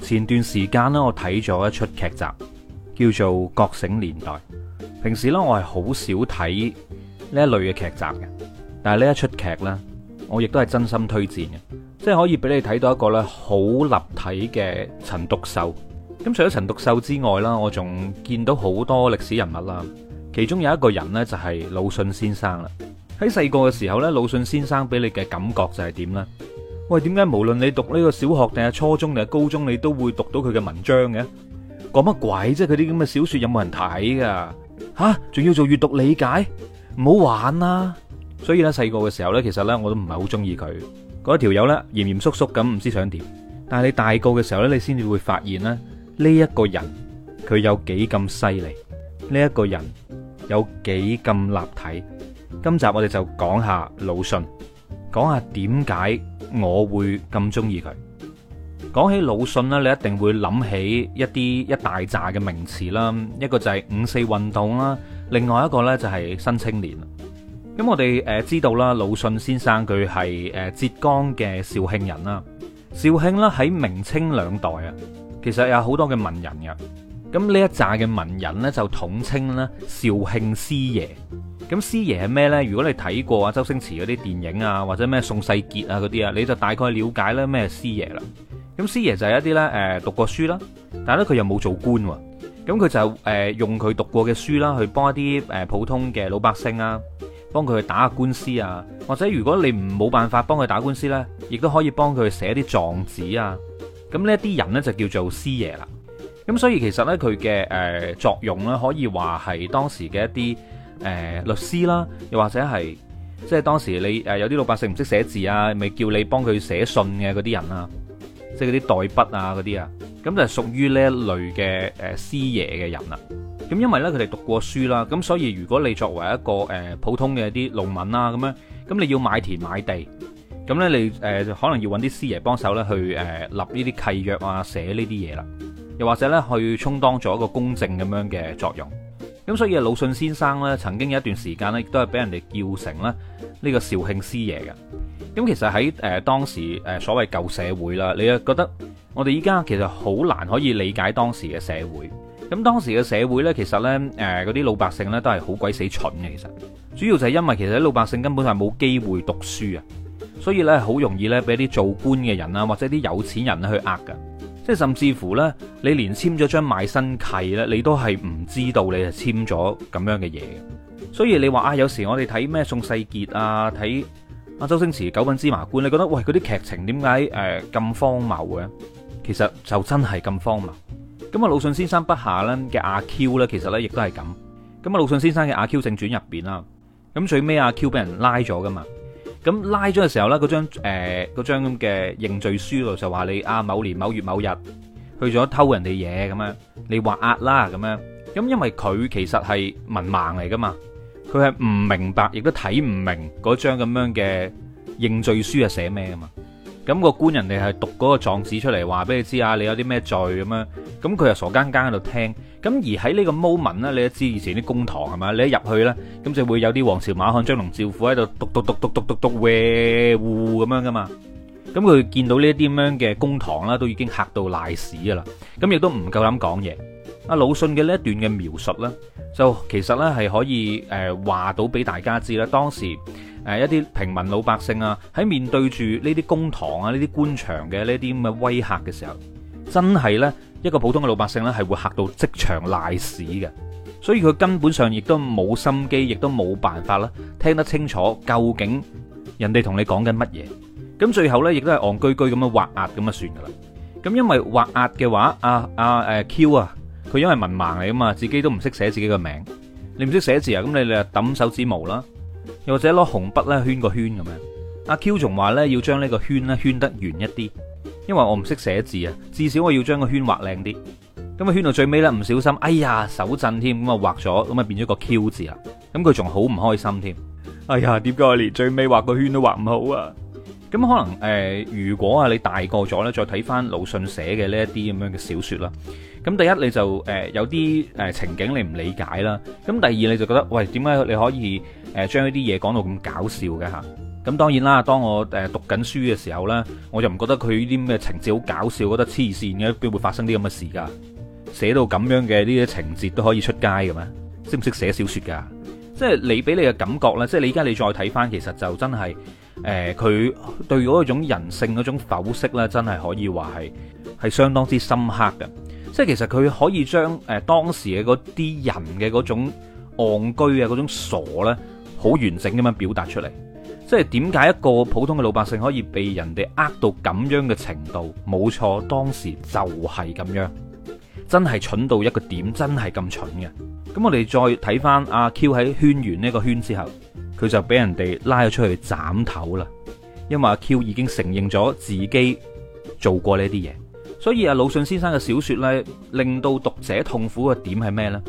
前段時間咧，我睇咗一出劇集，叫做《覺醒年代》。平時咧，我係好少睇呢一類嘅劇集嘅，但係呢一出劇呢，我亦都係真心推薦嘅，即係可以俾你睇到一個咧好立體嘅陳獨秀。咁除咗陳獨秀之外啦，我仲見到好多歷史人物啦。其中有一個人呢，就係魯迅先生啦。喺細個嘅時候呢，魯迅先生俾你嘅感覺就係點呢？喂，點解無論你讀呢個小學定係初中定係高中，你都會讀到佢嘅文章嘅？講乜鬼啫？即係佢啲咁嘅小說有冇人睇噶？吓，仲要做閱讀理解，唔好玩啦！所以呢，細個嘅時候呢，其實呢，我都唔係好中意佢嗰條友呢，嚴嚴肅肅咁，唔知想點。但係你大個嘅時候呢，你先至會發現呢，呢一個人佢有幾咁犀利，呢一個人有幾咁立體。今集我哋就講下魯迅。講下點解我會咁中意佢。講起魯迅呢，你一定會諗起一啲一大扎嘅名詞啦，一個就係五四運動啦，另外一個呢就係新青年。咁、嗯、我哋誒、呃、知道啦，魯迅先生佢係誒浙江嘅肇興人啦。紹興咧喺明清兩代啊，其實有好多嘅文人嘅。咁、嗯、呢一紮嘅文人呢，就統稱呢紹興師爺。咁，師爺係咩呢？如果你睇過啊，周星馳嗰啲電影啊，或者咩宋世傑啊嗰啲啊，你就大概了解咧咩係師爺啦。咁師爺就係一啲咧、呃，讀過書啦，但係咧佢又冇做官喎。咁佢就誒、是呃、用佢讀過嘅書啦，去幫一啲、呃、普通嘅老百姓啊，幫佢去打下官司啊，或者如果你唔冇辦法幫佢打官司呢，亦都可以幫佢寫啲狀紙啊。咁呢啲人呢，就叫做師爺啦。咁所以其實呢，佢嘅、呃、作用呢，可以話係當時嘅一啲，誒、呃、律師啦，又或者係即係當時你有啲老百姓唔識寫字啊，咪叫你幫佢寫信嘅嗰啲人啊，即係嗰啲代筆啊嗰啲啊，咁就係屬於呢一類嘅誒、呃、師爺嘅人啦。咁因為呢，佢哋讀過書啦，咁所以如果你作為一個、呃、普通嘅啲農民啦咁樣，咁你要買田買地，咁呢你、呃、就可能要揾啲師爺幫手呢去，去、呃、立呢啲契約啊，寫呢啲嘢啦，又或者呢，去充當咗一個公正咁樣嘅作用。咁所以魯迅先生咧，曾經有一段時間咧，亦都係俾人哋叫成咧呢個肇慶師爺嘅。咁其實喺誒當時誒所謂舊社會啦，你又覺得我哋依家其實好難可以理解當時嘅社會。咁當時嘅社會呢，其實呢，誒嗰啲老百姓呢，都係好鬼死蠢嘅。其實主要就係因為其實啲老百姓根本係冇機會讀書啊，所以呢，好容易呢，俾啲做官嘅人啊，或者啲有錢人去呃嘅。即係甚至乎呢，你連簽咗張賣身契呢，你都係唔知道你係簽咗咁樣嘅嘢。所以你話啊，有時我哋睇咩宋世傑啊，睇啊周星馳《九品芝麻官》，你覺得喂嗰啲劇情點解誒咁荒謬嘅？其實就真係咁荒謬。咁啊魯迅先生筆下呢嘅阿 Q 呢，其實呢亦都係咁。咁啊魯迅先生嘅《阿 Q 正傳》入面入邊啦，咁最尾阿 Q 俾人拉咗噶嘛。咁拉咗嘅時候咧，嗰張咁嘅、呃、認罪書度就話你啊，某年某月某日去咗偷人哋嘢咁樣，你話押啦咁樣。咁因為佢其實係文盲嚟噶嘛，佢係唔明白亦都睇唔明嗰張咁樣嘅認罪書係寫咩噶嘛。咁、個官人哋係讀嗰個狀紙出嚟話俾你知啊，你有啲咩罪咁樣。咁佢又傻更更喺度聽，咁而喺呢個 moment 呢你都知以前啲公堂係嘛？你一入去呢，咁就會有啲王朝、馬漢、張龍、趙虎喺度嘟嘟嘟嘟嘟嘟嘟嘩咁樣噶嘛。咁佢見到呢啲咁樣嘅公堂呢，都已經嚇到賴屎噶啦。咁亦都唔夠膽講嘢。阿魯迅嘅呢一段嘅描述呢，就其實呢係可以誒話到俾大家知啦。當時誒一啲平民老百姓啊，喺面對住呢啲公堂啊、呢啲官場嘅呢啲咁嘅威嚇嘅時候，真係呢。一個普通嘅老百姓咧，係會嚇到即場賴屎嘅，所以佢根本上亦都冇心機，亦都冇辦法啦，聽得清楚究竟人哋同你講緊乜嘢。咁最後咧，亦都係戇居居咁樣畫押咁啊，算噶啦。咁因為畫押嘅話，阿阿誒 Q 啊，佢因為文盲嚟噶嘛，自己都唔識寫自己嘅名。你唔識寫字啊？咁你你抌手指毛啦，又或者攞紅筆咧圈個圈咁樣，啊。阿 Q 仲話咧要將呢個圈咧圈，圈得圓一啲。因為我唔識寫字啊，至少我要將個圈畫靚啲。咁啊圈到最尾咧，唔小心，哎呀手震添，咁啊畫咗，咁啊變咗個 Q 字啊。咁佢仲好唔開心添。哎呀，點解我連最尾畫個圈都畫唔好啊？咁可能誒、呃，如果啊你大個咗呢，再睇翻魯迅寫嘅呢一啲咁樣嘅小說啦。咁第一你就誒、呃、有啲誒情景你唔理解啦。咁第二你就覺得喂，點解你可以誒將呢啲嘢講到咁搞笑嘅吓？咁當然啦。當我誒讀緊書嘅時候呢，我就唔覺得佢啲咩情節好搞笑，覺得黐線嘅，邊會發生啲咁嘅事㗎？寫到咁樣嘅呢啲情節都可以出街嘅咩？識唔識寫小說㗎？即係你俾你嘅感覺呢，即係你而家你再睇翻，其實就真係佢、呃、對嗰種人性嗰種剖析呢，真係可以話係係相當之深刻嘅。即係其實佢可以將誒、呃、當時嘅嗰啲人嘅嗰種戇居啊，嗰種傻呢，好完整咁樣表達出嚟。即係點解一個普通嘅老百姓可以被人哋呃到咁樣嘅程度？冇錯，當時就係咁樣，真係蠢到一個點，真係咁蠢嘅。咁我哋再睇翻阿 Q 喺，圈完呢個圈之後，佢就俾人哋拉咗出去斬頭啦。因為阿 Q 已經承認咗自己做過呢啲嘢，所以阿、啊、魯迅先生嘅小說呢，令到讀者痛苦嘅點係咩呢？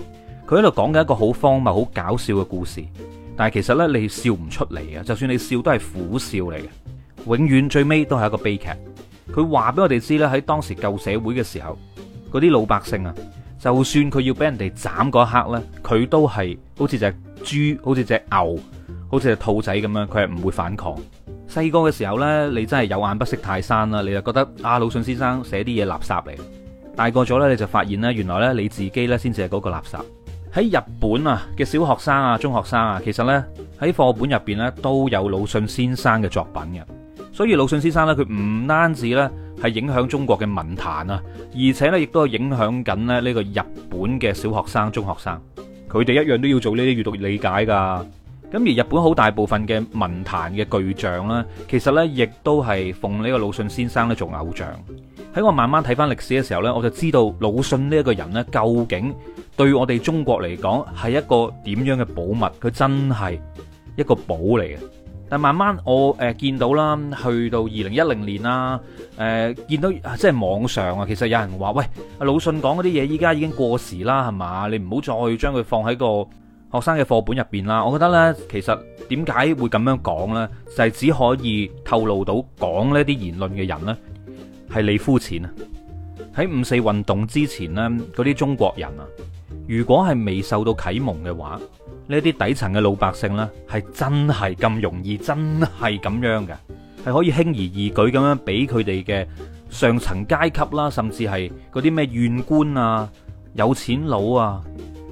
佢喺度講緊一個好荒謬、好搞笑嘅故事。但係其實呢，你笑唔出嚟嘅，就算你笑都係苦笑嚟嘅，永遠最尾都係一個悲劇。佢話俾我哋知咧，喺當時舊社會嘅時候，嗰啲老百姓啊，就算佢要俾人哋斬嗰刻呢，佢都係好似隻豬，好似隻牛，好似隻兔仔咁樣，佢係唔會反抗。細個嘅時候呢，你真係有眼不識泰山啦，你就覺得阿魯迅先生寫啲嘢垃圾嚟。大個咗呢，你就發現呢，原來呢，你自己呢先至係嗰個垃圾。喺日本啊嘅小學生啊、中學生啊，其實呢，喺課本入邊呢，都有魯迅先生嘅作品嘅，所以魯迅先生呢，佢唔單止呢係影響中國嘅文壇啊，而且呢，亦都係影響緊呢呢個日本嘅小學生、中學生，佢哋一樣都要做呢啲閱讀理解噶。咁而日本好大部分嘅文壇嘅巨匠呢，其實呢，亦都係奉呢個魯迅先生呢做偶像。喺我慢慢睇返歷史嘅時候呢，我就知道魯迅呢一個人呢，究竟，對我哋中國嚟講，係一個點樣嘅寶物？佢真係一個寶嚟嘅。但慢慢我誒、呃、見到啦，去到二零一零年啦，誒、呃、見到即係、啊、網上啊，其實有人話：喂，魯迅講嗰啲嘢依家已經過時啦，係嘛？你唔好再將佢放喺個學生嘅課本入邊啦。我覺得呢，其實點解會咁樣講呢？就係、是、只可以透露到講呢啲言論嘅人呢，係你膚淺啊！喺五四運動之前呢，嗰啲中國人啊，如果係未受到啟蒙嘅話，呢啲底層嘅老百姓呢，係真係咁容易，真係咁樣嘅，係可以輕而易舉咁樣俾佢哋嘅上層階級啦，甚至係嗰啲咩縣官啊、有錢佬啊，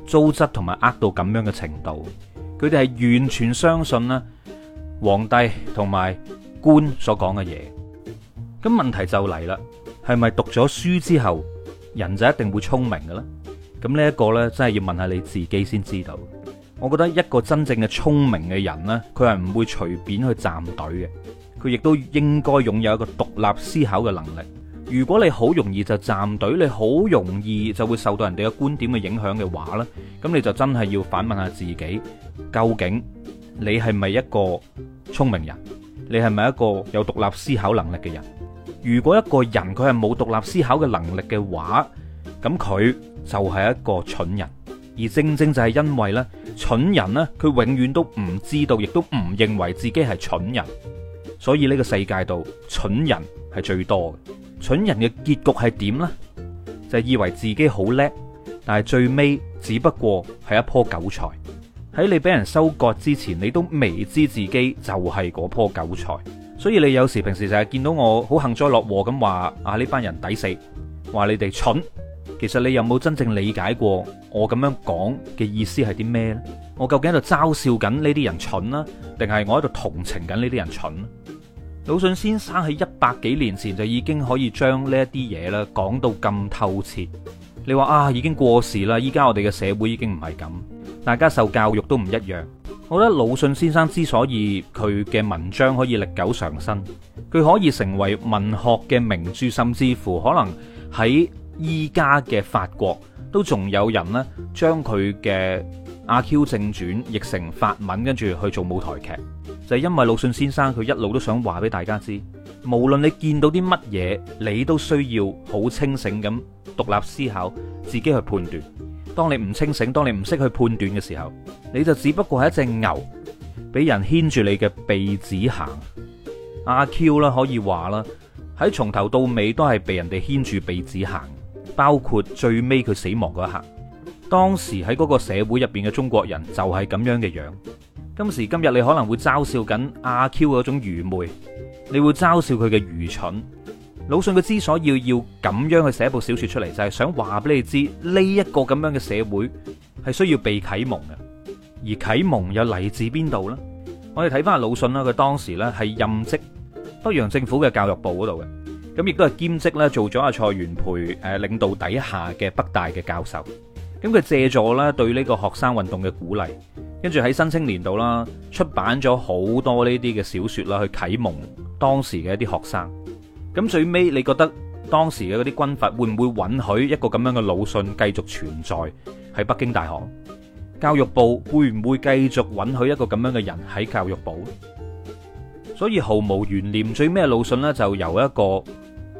糟質同埋呃到咁樣嘅程度，佢哋係完全相信啦，皇帝同埋官所講嘅嘢。咁問題就嚟啦。係咪讀咗書之後人就一定會聰明嘅呢？咁呢一個呢，個真係要問下你自己先知道。我覺得一個真正嘅聰明嘅人呢，佢係唔會隨便去站隊嘅，佢亦都應該擁有一個獨立思考嘅能力。如果你好容易就站隊，你好容易就會受到人哋嘅觀點嘅影響嘅話呢，咁你就真係要反問下自己，究竟你係咪一個聰明人？你係咪一個有獨立思考能力嘅人？如果一個人佢係冇獨立思考嘅能力嘅話，咁佢就係一個蠢人。而正正就係因為咧，蠢人咧，佢永遠都唔知道，亦都唔認為自己係蠢人。所以呢個世界度，蠢人係最多嘅。蠢人嘅結局係點呢？就係以為自己好叻，但係最尾只不過係一棵韭菜。喺你俾人收割之前，你都未知自己就係嗰棵韭菜。所以你有時平時就係見到我好幸災樂禍咁話啊，呢班人抵死，話你哋蠢。其實你有冇真正理解過我咁樣講嘅意思係啲咩呢？我究竟喺度嘲笑緊呢啲人蠢啊，定係我喺度同情緊呢啲人蠢？魯迅先生喺一百幾年前就已經可以將呢一啲嘢咧講到咁透徹。你話啊，已經過時啦！依家我哋嘅社會已經唔係咁，大家受教育都唔一樣。我覺得魯迅先生之所以佢嘅文章可以歷久常新，佢可以成為文學嘅名著，甚至乎可能喺依家嘅法國都仲有人咧將佢嘅《阿 Q 正傳》譯成法文，跟住去做舞台劇，就係因為魯迅先生佢一路都想話俾大家知，無論你見到啲乜嘢，你都需要好清醒咁獨立思考，自己去判斷。當你唔清醒，當你唔識去判斷嘅時候，你就只不過係一隻牛，俾人牽住你嘅鼻子行。阿 Q 啦，可以話啦，喺從頭到尾都係被人哋牽住鼻子行，包括最尾佢死亡嗰一刻。當時喺嗰個社會入邊嘅中國人就係咁樣嘅樣。今時今日你可能會嘲笑緊阿 Q 嗰種愚昧，你會嘲笑佢嘅愚蠢。魯迅佢之所以要咁樣去寫部小說出嚟，就係想話俾你知呢一個咁樣嘅社會係需要被啟蒙嘅，而啟蒙又嚟自邊度呢？我哋睇翻阿魯迅啦，佢當時呢係任職北洋政府嘅教育部嗰度嘅，咁亦都係兼職咧做咗阿蔡元培誒領導底下嘅北大嘅教授，咁佢借助咧對呢個學生運動嘅鼓勵，跟住喺新青年度啦出版咗好多呢啲嘅小說啦去啟蒙當時嘅一啲學生。咁最尾，你覺得當時嘅嗰啲軍閥會唔會允許一個咁樣嘅魯迅繼續存在喺北京大學教育部？會唔會繼續允許一個咁樣嘅人喺教育部？所以毫無懸念，最尾魯迅咧就由一個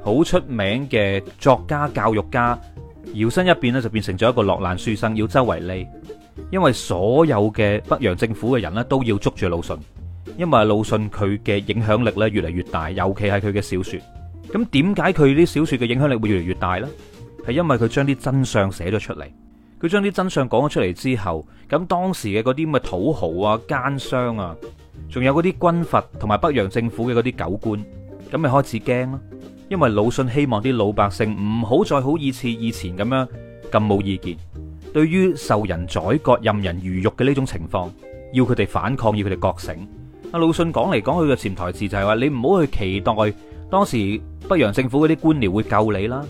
好出名嘅作家、教育家，搖身一變咧就變成咗一個落難書生，要周圍匿。因為所有嘅北洋政府嘅人咧都要捉住魯迅，因為魯迅佢嘅影響力咧越嚟越大，尤其係佢嘅小説。咁點解佢啲小說嘅影響力會越嚟越大呢？係因為佢將啲真相寫咗出嚟，佢將啲真相講咗出嚟之後，咁當時嘅嗰啲咁嘅土豪啊、奸商啊，仲有嗰啲軍閥同埋北洋政府嘅嗰啲狗官，咁咪開始驚咯。因為魯迅希望啲老百姓唔好再好似似以前咁樣咁冇意見，對於受人宰割、任人魚肉嘅呢種情況，要佢哋反抗，要佢哋覺醒。阿魯迅講嚟講去嘅潛台詞就係話，你唔好去期待，當時北洋政府嗰啲官僚會救你啦，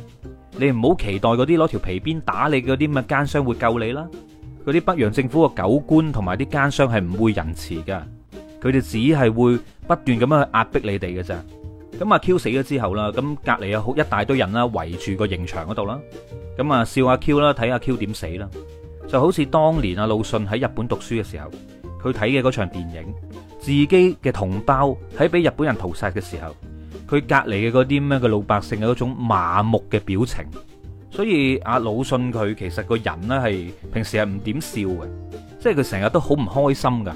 你唔好期待嗰啲攞條皮鞭打你嗰啲咁嘅奸商會救你啦。嗰啲北洋政府嘅狗官同埋啲奸商係唔會仁慈嘅，佢哋只係會不斷咁樣去壓迫你哋嘅咋。咁阿 Q 死咗之後啦，咁隔離有好一大堆人啦，圍住個刑場嗰度啦，咁啊笑阿 Q 啦，睇阿 Q 點死啦，就好似當年阿魯迅喺日本讀書嘅時候，佢睇嘅嗰場電影，自己嘅同胞喺俾日本人屠殺嘅時候。佢隔離嘅嗰啲咩嘅老百姓有一種麻木嘅表情，所以阿魯迅佢其實個人呢，係平時係唔點笑嘅，即係佢成日都好唔開心噶，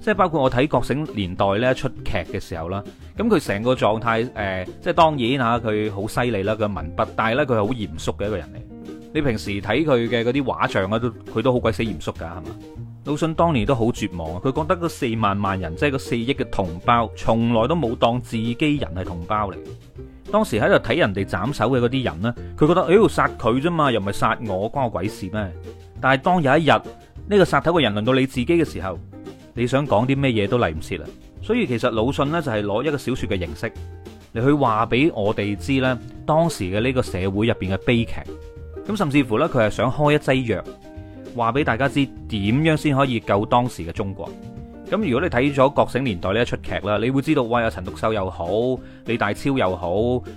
即係包括我睇《覺醒年代》呢一出劇嘅時候啦，咁佢成個狀態、呃、即係當然嚇佢好犀利啦，佢文筆，但係呢，佢係好嚴肅嘅一個人嚟。你平時睇佢嘅嗰啲畫像啊，都佢都好鬼死嚴肅噶，係嘛？魯迅當年都好絕望，佢覺得嗰四萬萬人，即係個四億嘅同胞，從來都冇當自己人係同胞嚟。當時喺度睇人哋斬首嘅嗰啲人呢，佢覺得，誒、哎，殺佢啫嘛，又唔係殺我，關我鬼事咩？但係當有一日呢，這個殺頭嘅人輪到你自己嘅時候，你想講啲咩嘢都嚟唔切啦。所以其實魯迅呢，就係攞一個小說嘅形式嚟去話俾我哋知呢，當時嘅呢個社會入邊嘅悲劇。咁甚至乎呢佢係想開一劑藥，話俾大家知點樣先可以救當時嘅中國。咁如果你睇咗《覺醒年代》呢一出劇啦，你會知道喂，阿陳獨秀又好，李大超又好，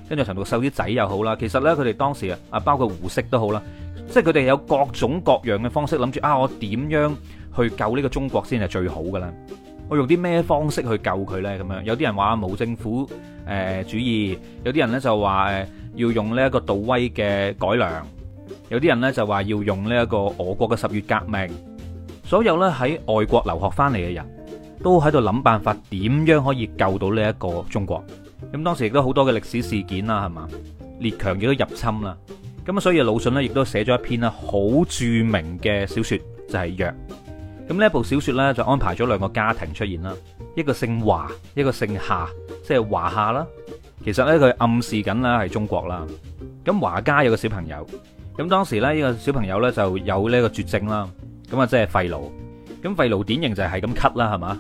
跟住陳獨秀啲仔又好啦。其實呢，佢哋當時啊，啊包括胡適都好啦，即係佢哋有各種各樣嘅方式，諗住啊，我點樣去救呢個中國先係最好嘅呢？我用啲咩方式去救佢呢？咁樣有啲人話冇政府誒主義，有啲人呢，就話誒要用呢一個杜威嘅改良。有啲人咧就話要用呢一個俄國嘅十月革命，所有咧喺外國留學翻嚟嘅人都喺度諗辦法點樣可以救到呢一個中國。咁當時亦都好多嘅歷史事件啦，係嘛，列強亦都入侵啦。咁所以魯迅咧亦都寫咗一篇啦，好著名嘅小、就是、小說就係《藥》。咁呢部小說咧就安排咗兩個家庭出現啦，一個姓華，一個姓夏，即係華夏啦。其實咧佢暗示緊啦係中國啦。咁華家有個小朋友。咁當時咧，呢個小朋友咧就有呢個絕症啦。咁啊，即係肺癆。咁肺癆典型就係咁咳啦，係嘛？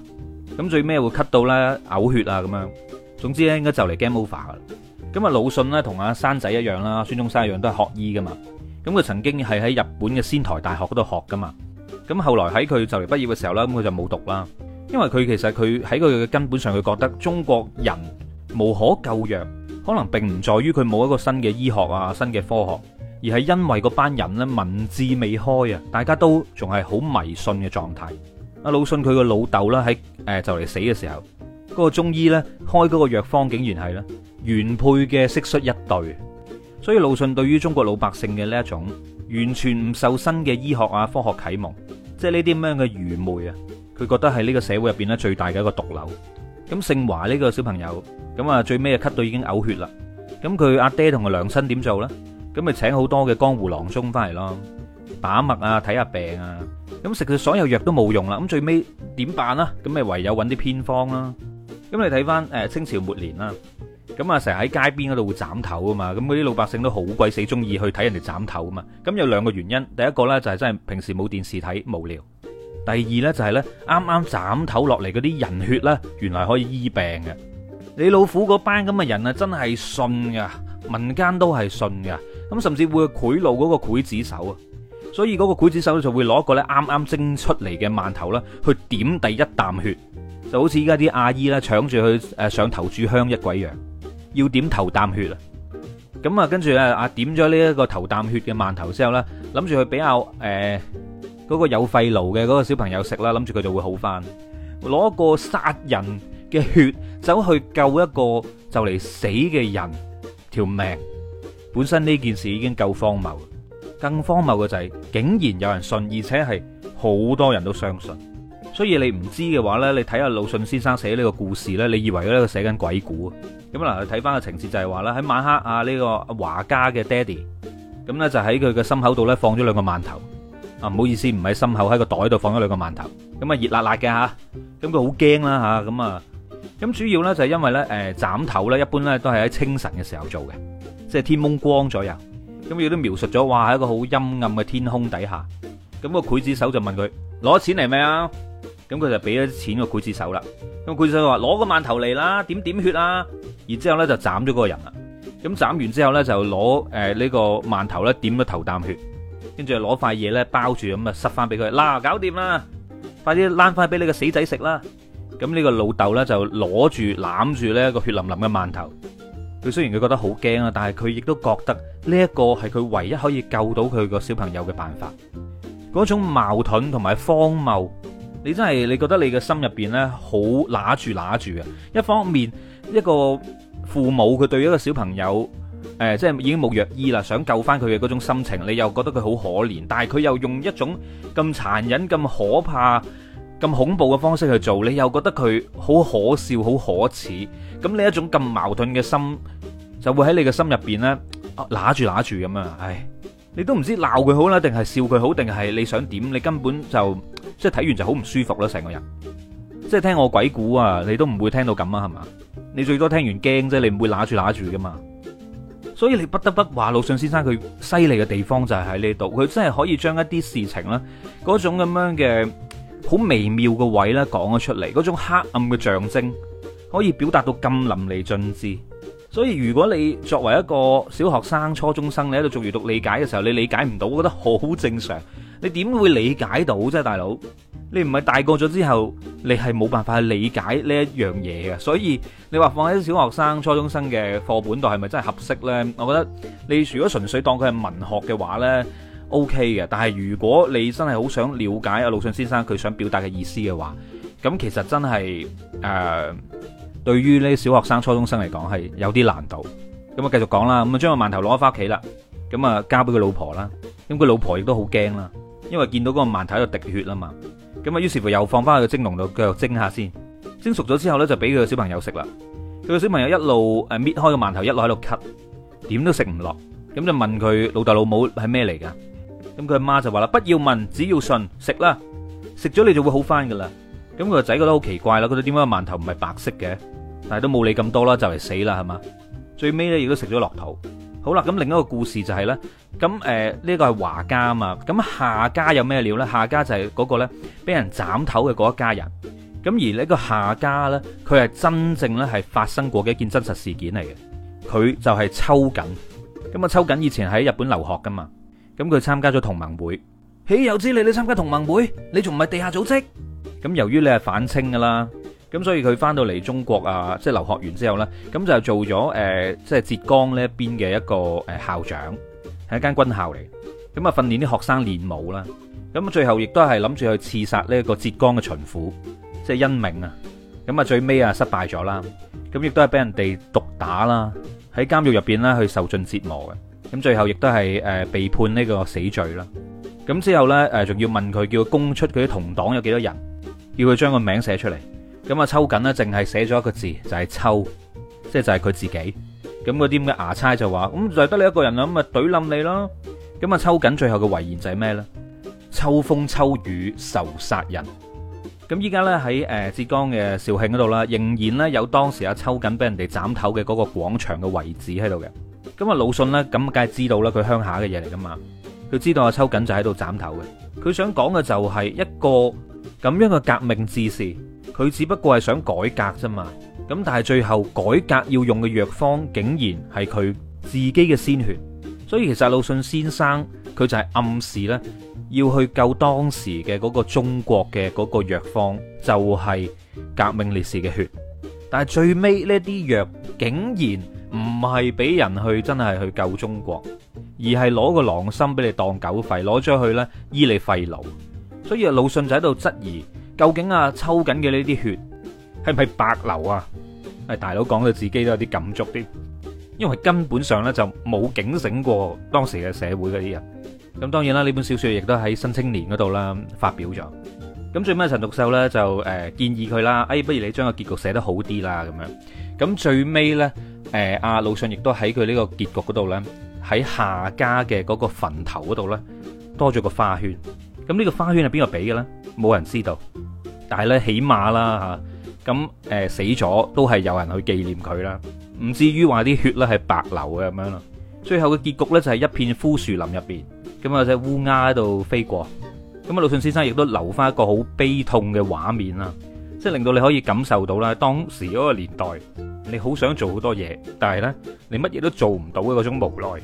咁最尾會咳到咧，嘔血啊咁樣。總之咧，應該就嚟 game over 啦。咁啊，魯迅咧同阿山仔一樣啦，孫中山一樣都係學醫噶嘛。咁佢曾經係喺日本嘅仙台大學嗰度學噶嘛。咁後來喺佢就嚟畢業嘅時候咧，咁佢就冇讀啦。因為佢其實佢喺佢嘅根本上，佢覺得中國人無可救藥，可能並唔在於佢冇一個新嘅醫學啊，新嘅科學。而係因為嗰班人呢，文字未開啊，大家都仲係好迷信嘅狀態。阿魯迅佢個老豆呢，喺誒就嚟死嘅時候，嗰個中醫呢，開嗰個藥方竟然係呢，原配嘅蟋蟀一對，所以魯迅對於中國老百姓嘅呢一種完全唔受新嘅醫學啊科學啟蒙，即係呢啲咁樣嘅愚昧啊，佢覺得係呢個社會入邊呢最大嘅一個毒瘤。咁姓華呢個小朋友咁啊，最尾啊咳到已經嘔血啦，咁佢阿爹同佢娘親點做呢？咁咪請好多嘅江湖郎中翻嚟咯，把脈啊，睇下病啊，咁食佢所有藥都冇用啦，咁最尾點辦啊？咁咪唯有揾啲偏方啦。咁你睇翻誒清朝末年啦，咁啊成日喺街邊嗰度會斬頭啊嘛，咁嗰啲老百姓都好鬼死中意去睇人哋斬頭啊嘛。咁有兩個原因，第一個咧就係真係平時冇電視睇無聊，第二咧就係咧啱啱斬頭落嚟嗰啲人血咧，原來可以醫病嘅。你老虎嗰班咁嘅人啊，真係信噶，民間都係信噶。咁甚至會賄賂嗰個劊子手啊，所以嗰個劊子手就會攞一個咧啱啱蒸出嚟嘅饅頭啦，去點第一啖血，就好似依家啲阿姨啦搶住去誒上頭炷香一鬼一樣，要點頭啖血啊！咁啊，跟住咧啊點咗呢一個頭啖血嘅饅頭之後咧，諗住去比較誒嗰、呃那個有肺癆嘅嗰個小朋友食啦，諗住佢就會好返，攞個殺人嘅血走去救一個就嚟死嘅人條命。本身呢件事已經夠荒謬，更荒謬嘅就係竟然有人信，而且係好多人都相信。所以你唔知嘅話呢，你睇下魯迅先生寫呢個故事呢，你以為咧佢寫緊鬼故啊？咁嗱，睇翻個情節就係話咧，喺晚黑阿呢個阿華家嘅爹哋咁呢就喺佢嘅心口度呢放咗兩個饅頭。啊，唔好意思，唔喺心口，喺個袋度放咗兩個饅頭。咁啊熱辣辣嘅吓，咁佢好驚啦吓，咁啊咁主要呢就係因為呢誒斬頭呢一般呢都係喺清晨嘅時候做嘅。即係天蒙光咗呀，咁佢都描述咗，話喺一個好陰暗嘅天空底下，咁個劊子手就問佢攞錢嚟未啊？咁佢就俾咗錢個劊子手啦。咁個劊子手話攞個饅頭嚟啦，點點血啦，啊，然之後咧就斬咗嗰個人啦。咁斬完之後咧就攞誒呢個饅頭咧點咗頭啖血，跟住攞塊嘢咧包住咁啊塞翻俾佢嗱，搞掂啦，快啲攋翻俾你個死仔食啦。咁呢個老豆咧就攞住攬住呢個血淋淋嘅饅頭。佢雖然佢覺得好驚啦，但係佢亦都覺得呢一個係佢唯一可以救到佢個小朋友嘅辦法。嗰種矛盾同埋荒謬，你真係你覺得你嘅心入邊呢，好揦住揦住嘅。一方面，一個父母佢對一個小朋友，誒、呃，即係已經冇藥醫啦，想救翻佢嘅嗰種心情，你又覺得佢好可憐，但係佢又用一種咁殘忍、咁可怕、咁恐怖嘅方式去做，你又覺得佢好可笑，好可恥。咁你一種咁矛盾嘅心，就會喺你嘅心入邊呢，拿住拿住咁啊。唉，你都唔知鬧佢好啦，定係笑佢好，定係你想點？你根本就即係睇完就好唔舒服啦，成個人即係聽我鬼故啊，你都唔會聽到咁啊，係嘛？你最多聽完驚啫，你唔會拿住拿住噶嘛。所以你不得不話魯迅先生佢犀利嘅地方就係喺呢度，佢真係可以將一啲事情啦，嗰種咁樣嘅。好微妙嘅位咧，講咗出嚟，嗰種黑暗嘅象徵可以表達到咁淋漓盡致。所以如果你作為一個小學生、初中生，你喺度做閱讀理解嘅時候，你理解唔到，我覺得好正常。你點會理解到即係，大佬？你唔係大個咗之後，你係冇辦法去理解呢一樣嘢嘅。所以你話放喺小學生、初中生嘅課本度，係咪真係合適咧？我覺得你如果純粹當佢係文學嘅話咧。O K 嘅，但係如果你真係好想了解阿魯迅先生佢想表達嘅意思嘅話，咁其實真係誒、呃，對於呢小學生、初中生嚟講係有啲難度。咁啊，繼續講啦，咁啊將個饅頭攞咗翻屋企啦，咁啊交俾佢老婆啦。咁佢老婆亦都好驚啦，因為見到嗰個饅頭喺度滴血啊嘛。咁啊，於是乎又放翻去個蒸籠度，繼續蒸下先，蒸熟咗之後呢，就俾佢個小朋友食啦。佢個小朋友一路誒搣開個饅頭，一路喺度咳，點都食唔落，咁就問佢老豆老母係咩嚟噶？咁佢阿媽就話啦，不要問，只要信，食啦，食咗你就會好翻噶啦。咁佢個仔覺得好奇怪啦，佢點解個饅頭唔係白色嘅？但係都冇理咁多啦，就嚟死啦係嘛？最尾咧亦都食咗落肚。好啦，咁另一個故事就係咧，咁誒呢個係華家啊嘛。咁夏家有咩料咧？夏家就係嗰個咧俾人斬頭嘅嗰一家人。咁而呢個夏家咧，佢係真正咧係發生過嘅一件真實事件嚟嘅。佢就係秋瑾。咁啊，秋瑾以前喺日本留學噶嘛。咁佢參加咗同盟會，豈有此理？你參加同盟會，你仲唔係地下組織？咁由於你係反清噶啦，咁所以佢翻到嚟中國啊，即係留學完之後咧，咁就做咗誒，即係浙江呢邊嘅一個誒校長，係一間軍校嚟，咁啊訓練啲學生練武啦，咁最後亦都係諗住去刺殺呢一個浙江嘅巡撫，即係恩銘啊，咁啊最尾啊失敗咗啦，咁亦都係俾人哋毒打啦，喺監獄入邊咧去受盡折磨嘅。咁最後亦都係誒被判呢個死罪啦。咁之後咧誒，仲要問佢，叫佢供出佢啲同黨有幾多人，要佢將個名寫出嚟。咁啊，秋瑾呢，淨係寫咗一個字，就係、是、秋，即係就係、是、佢自己。咁嗰啲咁嘅衙差就話，咁就得你一個人啦，咁啊，懟冧你啦。咁啊，秋瑾最後嘅遺言就係咩咧？秋風秋雨愁殺人。咁依家咧喺誒浙江嘅紹興嗰度啦，仍然咧有當時阿秋瑾俾人哋斬頭嘅嗰個廣場嘅遺址喺度嘅。咁啊，魯迅咧，咁梗係知道啦，佢鄉下嘅嘢嚟噶嘛？佢知道阿秋瑾就喺度斬頭嘅，佢想講嘅就係一個咁樣嘅革命志士，佢只不過係想改革啫嘛。咁但係最後改革要用嘅藥方，竟然係佢自己嘅鮮血。所以其實魯迅先生佢就係暗示咧，要去救當時嘅嗰個中國嘅嗰個藥方，就係革命烈士嘅血。但係最尾呢啲藥竟然。唔係俾人去真係去救中國，而係攞個狼心俾你當狗肺，攞咗去咧醫你肺癆，所以啊，魯迅就喺度質疑究竟啊抽緊嘅呢啲血係咪白流啊？誒，大佬講到自己都有啲感觸啲，因為根本上咧就冇警醒過當時嘅社會嗰啲人。咁當然啦，呢本小説亦都喺《新青年》嗰度啦發表咗。咁最尾陳獨秀咧就誒建議佢啦，誒，不如你將個結局寫得好啲啦，咁樣，咁最尾咧。誒阿魯迅亦都喺佢呢個結局嗰度咧，喺夏家嘅嗰個墳頭嗰度咧，多咗個花圈。咁呢個花圈係邊個俾嘅咧？冇人知道。但係咧，起碼啦嚇，咁、啊啊、死咗都係有人去紀念佢啦，唔至於話啲血咧係白流嘅咁樣啦。最後嘅結局咧就係一片枯樹林入邊，咁啊隻烏鴉喺度飛過。咁啊魯迅先生亦都留返一個好悲痛嘅畫面啦，即係令到你可以感受到啦，當時嗰個年代。你好想做好多嘢，但係呢，你乜嘢都做唔到嘅嗰種無奈，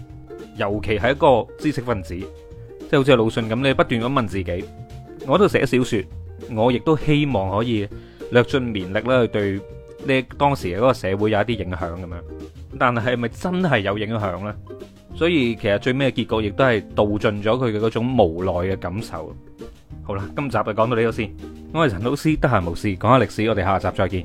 尤其係一個知識分子，即係好似魯迅咁咧，你不斷咁問自己，我都寫小說，我亦都希望可以略盡綿力咧，去對呢當時嘅嗰個社會有一啲影響咁樣。但係係咪真係有影響呢？所以其實最尾嘅結果亦都係道盡咗佢嘅嗰種無奈嘅感受。好啦，今集就講到呢度先。我係陳老師，得閒無事講下歷史，我哋下集再見。